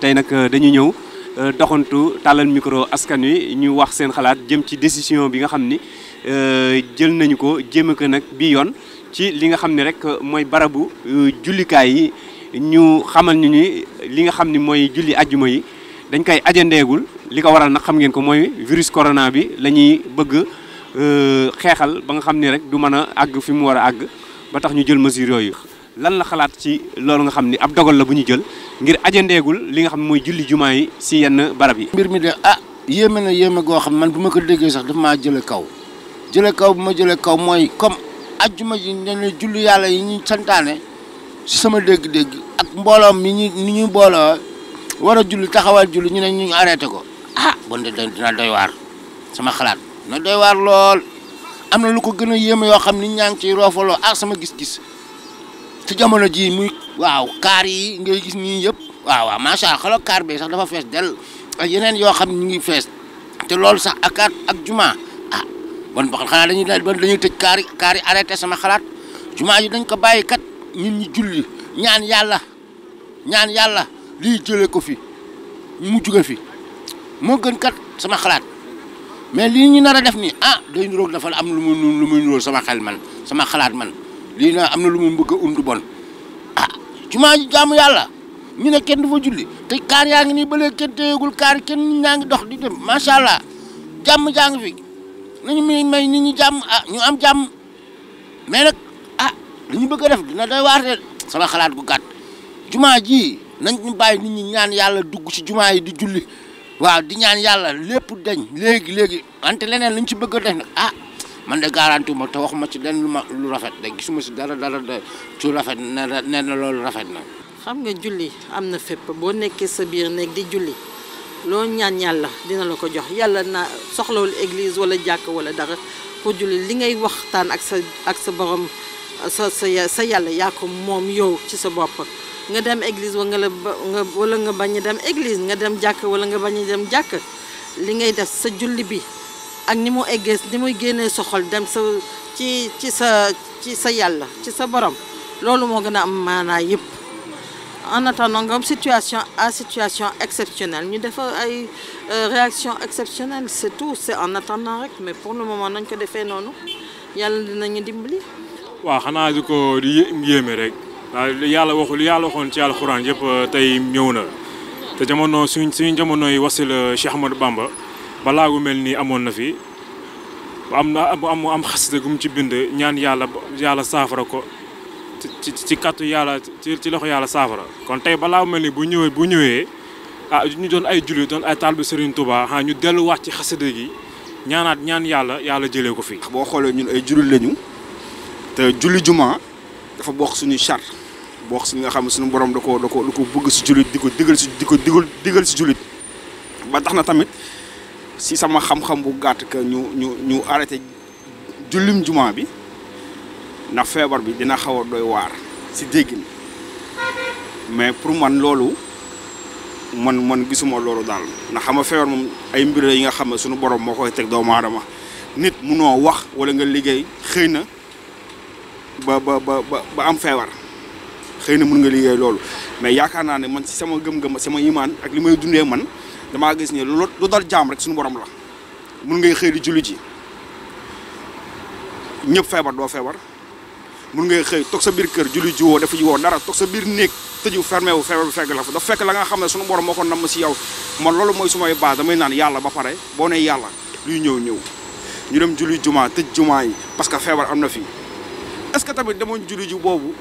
tey nag euh, dañu ñëw euh, doxantu tàllal micro askan wi ñu wax seen xalaat jëm ci décision bi nga xam ni euh, jël nañu ko jéem a ko nag bi yoon ci li nga xam ne rek mooy barabu jullikaay yi ñu xamal ñu ni li nga xam ni mooy julli ajjuma yi dañ koy ajandeegul li ko waral nag xam ngeen ko mooy virus corona bi la ñuy bëgg xeexal ba nga xam ni rek du mën a àgg fi mu war a àgg ba tax ñu jël mesure yooyu lan la xalaat ci loolu nga xam ni ab dogal la bu ñu jël ngir ajandeegul li nga xam ne mooy julli jumaa yi si yenn barab yi. mbir mi de ah yéeme na yéeme goo xam ne man bu ma ko déggee sax daf maa jële kaw jële kaw bu ma jëlee kaw mooy comme ajjuma ji ne julli yàlla yi ñu santaane si sama dégg-dégg ak mbooloom mi ñu ni ñu booloo war a julli taxawal julli ñu ne ñu arrêté ko ah bon de dina doy waar sama xalaat dina doy lool am na lu ko gën a yéeme yoo xam ni ñaa ngi ciy ah, sama gis-gis. te jamono jii muy waaw kaar yi ngay gis nii yëpp waaw waaw macha allah kaar bi sax dafa fees del yeneen yoo xam ñu ngi fees te loolu sax ak ak juma ah bon ba xanaa dañuy dañuy tëj kaar yi kaar arrêté sama xalaat jumaa yi dañ ko bàyyi kat ñun julli ñaan yàlla ñaan yàlla lii jëlee ko fi mu jóge fi moo gën kat sama xalaat mais lii ñu nar a def nii ah day niroog dafa am lu muy lu muy niroog sama xel man sama xalaat man. lii am na lu mu bëgg a undu bon ah jumaa ji jaamu yàlla ñu ne kenn du fa julli te kaar yaa ngi nii ba léegi kenn téyegul kenn nit ñaa dox di dem macha allah jàmm jaa ngi fi nañu may may nit ñi jàmm ah ñu am jàmm mais nag ah li ñu bëgg a def dina doy waar sama xalaat gu gàtt jumaa ji nañ ñu bàyyi nit ñi ñaan yàlla dugg ci jumaa yi di julli waaw di ñaan yàlla lépp dañ léegi léegi wante leneen lañ ci bëgg a def ah. man de garanti ma te waxuma ci lenn lu ma lu rafet de gisuma si dara dara de ci rafet ne na loolu rafet na. xam nga julli am na fépp boo nekkee sa biir néeg di julli loo ñaan yàlla dina la ko jox yàlla na soxlawul église wala jàkk wala dara pour julli li ngay waxtaan ak sa ak sa borom sa sa sa yàlla yaa moom yow ci sa bopp. nga dem église wala nga nga wala nga bañ a dem église nga dem jàkk wala nga bañ a dem jàkk li ngay def sa julli bi. ak ni mu eggee ni muy génne sa dem sa ci ci sa ci sa yàlla ci sa borom loolu moo gën a am maanaa yëpp en attendant comme situation à situation exceptionnelle ñu defa ay euh, réaction exceptionnelle c'est tout c'est en attendant rek mais pour le moment nañ ko defee noonu yàlla dinañu dimbali. waa xanaa di ko di yéeme rek yàlla waxul yàlla waxoon ci alxuraan yëpp euh, tey ñëw na te jamono suñ suñ jamono yi wasila euh, Cheikh Ahmadou Bamba. balaa gu mel nii amoon na fi am na am am xasida gu mu ci bind ñaan yàlla yàlla saafara ko ci ci yàlla ci loxo yàlla saafara kon tey balaa gu mel nii bu ñëwee bu ñëwee ah ñu doon ay julli doon ay taalibe Serigne Touba ah ñu delluwaat ci xasida gi ñaanaat ñaan yàlla yàlla jëlee ko fii. boo xoolee ñun ay julli lañu te julli juma dafa bokk suñu char bokk suñu nga xam suñu borom da ko da ko bëgg si jullit di ko digal si di ko digal digal si jullit ba tax na tamit. si sama xam-xam bu gàtt que ñu ñu ñu arrêté jullim jumaa bi ndax feebar bi dina xaw a doy waar si déggin mais pour man loolu man man gisuma loolu daal ndax xam nga feebar moom ay mbir yi nga xam ne suñu borom moo koy teg doomu aadama nit munoo wax wala nga liggéey xëy na ba ba ba ba am feebar xëy na mun nga liggéey loolu mais yaakaar naa ne man si sama gëm-gëm sama imaan ak li may dundee man damaa gis ne lu dal jaam rek suñu borom la mun ngay xëy di julli ji ñëpp feebar doo feebar mun ngay xëy toog sa biir kër julli ji woo dafa ji woo dara toog sa biir néeg tëju fermé wu feebar bi fekk la fa dafa fekk la nga xam ne suñu borom moo ko namm si yow man loolu mooy sumay baax damay naan yàlla ba pare boo ne yàlla luy ñëw ñëw ñu dem julli jumaa tëj jumaa yi parce que feebar am na fi est que tamit demoon julli ji boobu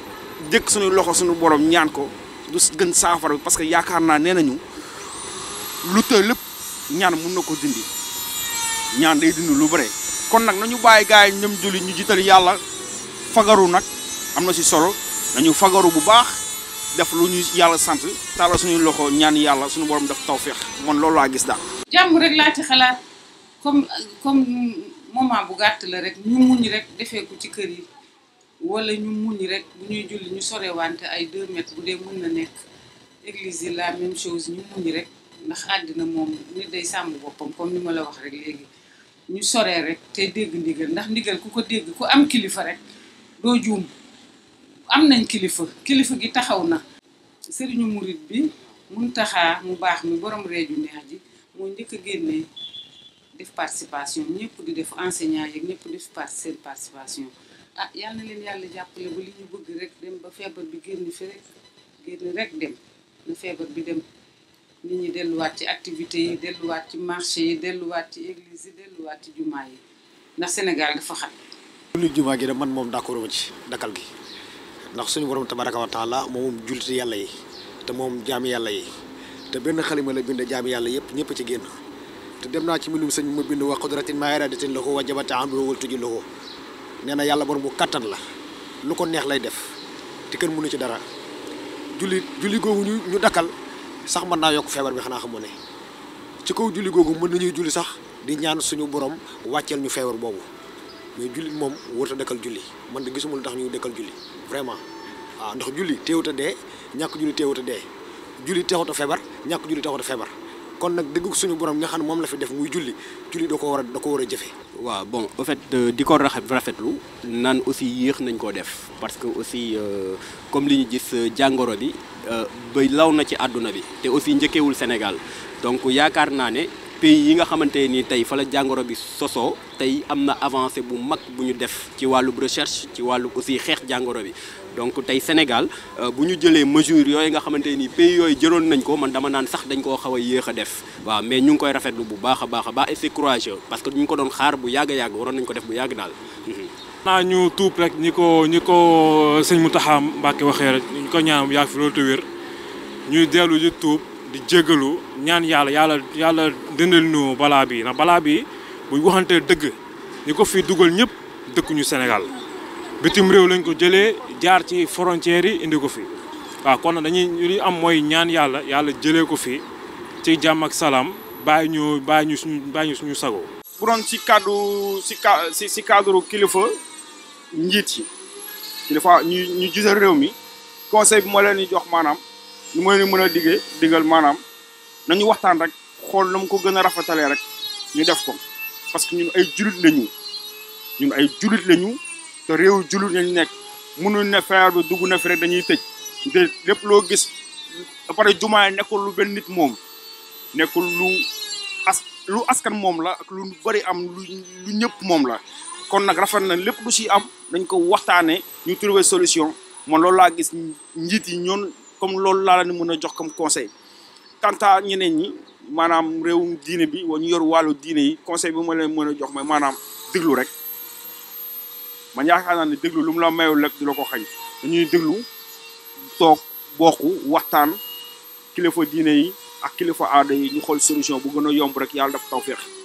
jëkk suñu loxo suñu borom ñaan ko du gën saafara bi parce que yaakaar naa nee nañu lu të lépp ñaan mun na ko dindi ñaan day dindi lu bëre kon nag nañu bàyyi gaa yi ñoom julli ñu jiital yàlla fagaru nag am na ci solo nañu fagaru bu baax def lu ñu yàlla sant taala suñu loxo ñaan yàlla suñu borom def tawféex man loolu laa gis daal jàmm rek laa ci xalaat comme comme moment bu gàtt la rek ñu muñ rek defee ko ci kër yi wala ñu muñ rek bu ñuy julli ñu sorewante ay deux mètres bu dee mun na nekk église yi la même chose ñu muñ rek ndax àddina moom nit day sàmm boppam comme ni ma la wax rek léegi ñu soree rek te dégg ndigal ndax ndigal ku ko dégg ku am kilifa rek doo juum am nañ kilifa kilifa gi taxaw na sëriñu murit bi taxaa mu baax mi borom reeju neex ji moo njëkk a génnee def participation ñëpp di def enseignant yeeg ñëpp def seen participation ah yal na leen yàlla jàppale ba li ñu bëgg rek dem ba feebar bi génn fi rek génn rek dem na feebar bi dem nit ñi delluwaat ci activité yi delluwaat ci marché yi delluwaat ci église yi delluwaat ci jumaa yi ndax Sénégal dafa xat julli jumaa gi da man moom d'accord ma ci dakkal gi ndax suñu borom tabaraka wa la moom julliti yàlla yi te moom jaami yàlla yi te benn xalima la bind jaami yàlla yëpp ñëpp ci génn te dem naa ci mbindum sëñ ma bind wa qudratin ma iradatin lahu wa jabata amru wal tuji lahu nee na yàlla borom bu kàttan la lu ko neex lay def te kenn ci dara sax mën naa yokk feebar bi xanaa xamoo ne ci kaw julli googu mën nañuy julli sax di ñaan suñu borom wàcceel ñu feebar boobu mais julli moom warut a dëkkal julli man de gisuma lu tax ñuy dëkkal julli vraiment waaw ah, ndax julli teewut a dee ñàkk julli teewut a dee julli taxut a feebar ñàkk julli taxut a feebar kon nag dëgg suñu borom nga xam ne moom la fi def muy julli julli da ko war a da ko war a jëfee. waaw bon en fait euh, di ko rafetlu naan aussi yéex nañ koo def parce que aussi euh, comme li ñu gis euh, jàngoro bi. Euh, ba law na ci àdduna bi te aussi njëkkewul Sénégal donc yaakaar naa ne pays yi nga xamante nii tey fala jàngoro bi sosoo tey am na avancée bu mag bu ñu def ci wàllub recherche ci wàllu aussi xeex jàngoro bi donc tey Sénégal euh, bu ñu jëlee mesures yooyu nga xamante nii pays yooyu jëloon nañ ko man dama naan sax dañ koo xaw a yéex a def waaw mais ñu ngi koy rafetlu bu baax a baax a baax et parce que ñu ko doon xaar bu yàgg a yàgg waroon nañ ko def bu yàgg daal naa ñu tuub rek ñi ko ñi ko sëñ Mountakha Mbacké waxee rek ñu ko ñaan yaa fi loolu te wér ñuy dellu di tuub di jégalu ñaan yàlla yàlla yàlla dëndal ñu balaa bi na balaa bi buñ waxantee dëgg ñi ko fi dugal ñëpp dëkkuñu Sénégal bitim réew lañ ko jëlee jaar ci frontières yi indi ko fi waaw kon nag dañuy li am mooy ñaan yàlla yàlla jëlee ko fi ci jàmm ak salaam bàyyi ñu bàyyi ñu suñu suñu sago. bu doon si kaddu si si kilifa. njiit yi kilifa ñu ñu gisal réew mi conseil bi moo leen di jox maanaam lu ma leen mën a diggee digal maanaam nañu waxtaan rek xool na ko gën a rafetalee rek ñu def ko parce que ñun ay julit lañu ñun ay julit lañu te réew julit lañu nekk mënuñ ne feebar bi dugg na fi dañuy tëj te lépp loo gis ba pare jumaa nekkul lu benn nit moom nekkul lu as lu askan moom la ak lu bari am lu ñëpp moom la kon nag rafet na lépp lu ci am dañ ko waxtaanee ñu trouver solution man loolu laa gis njiit yi ñoon comme loolu laal la mën a jox comme conseil quant à ñi maanaam réewum diine bi wa ñu yor wàllu diine yi conseil bi ma leen mën a jox mooy maanaam déglu rek ma yaakaar naa ne déglu lu mu la mayul rek du la ko xañ dañuy déglu toog bokk waxtaan kilifa diine yi ak kilifa aada yi ñu xool solution bu gën a yomb rek yàlla daf tawfeex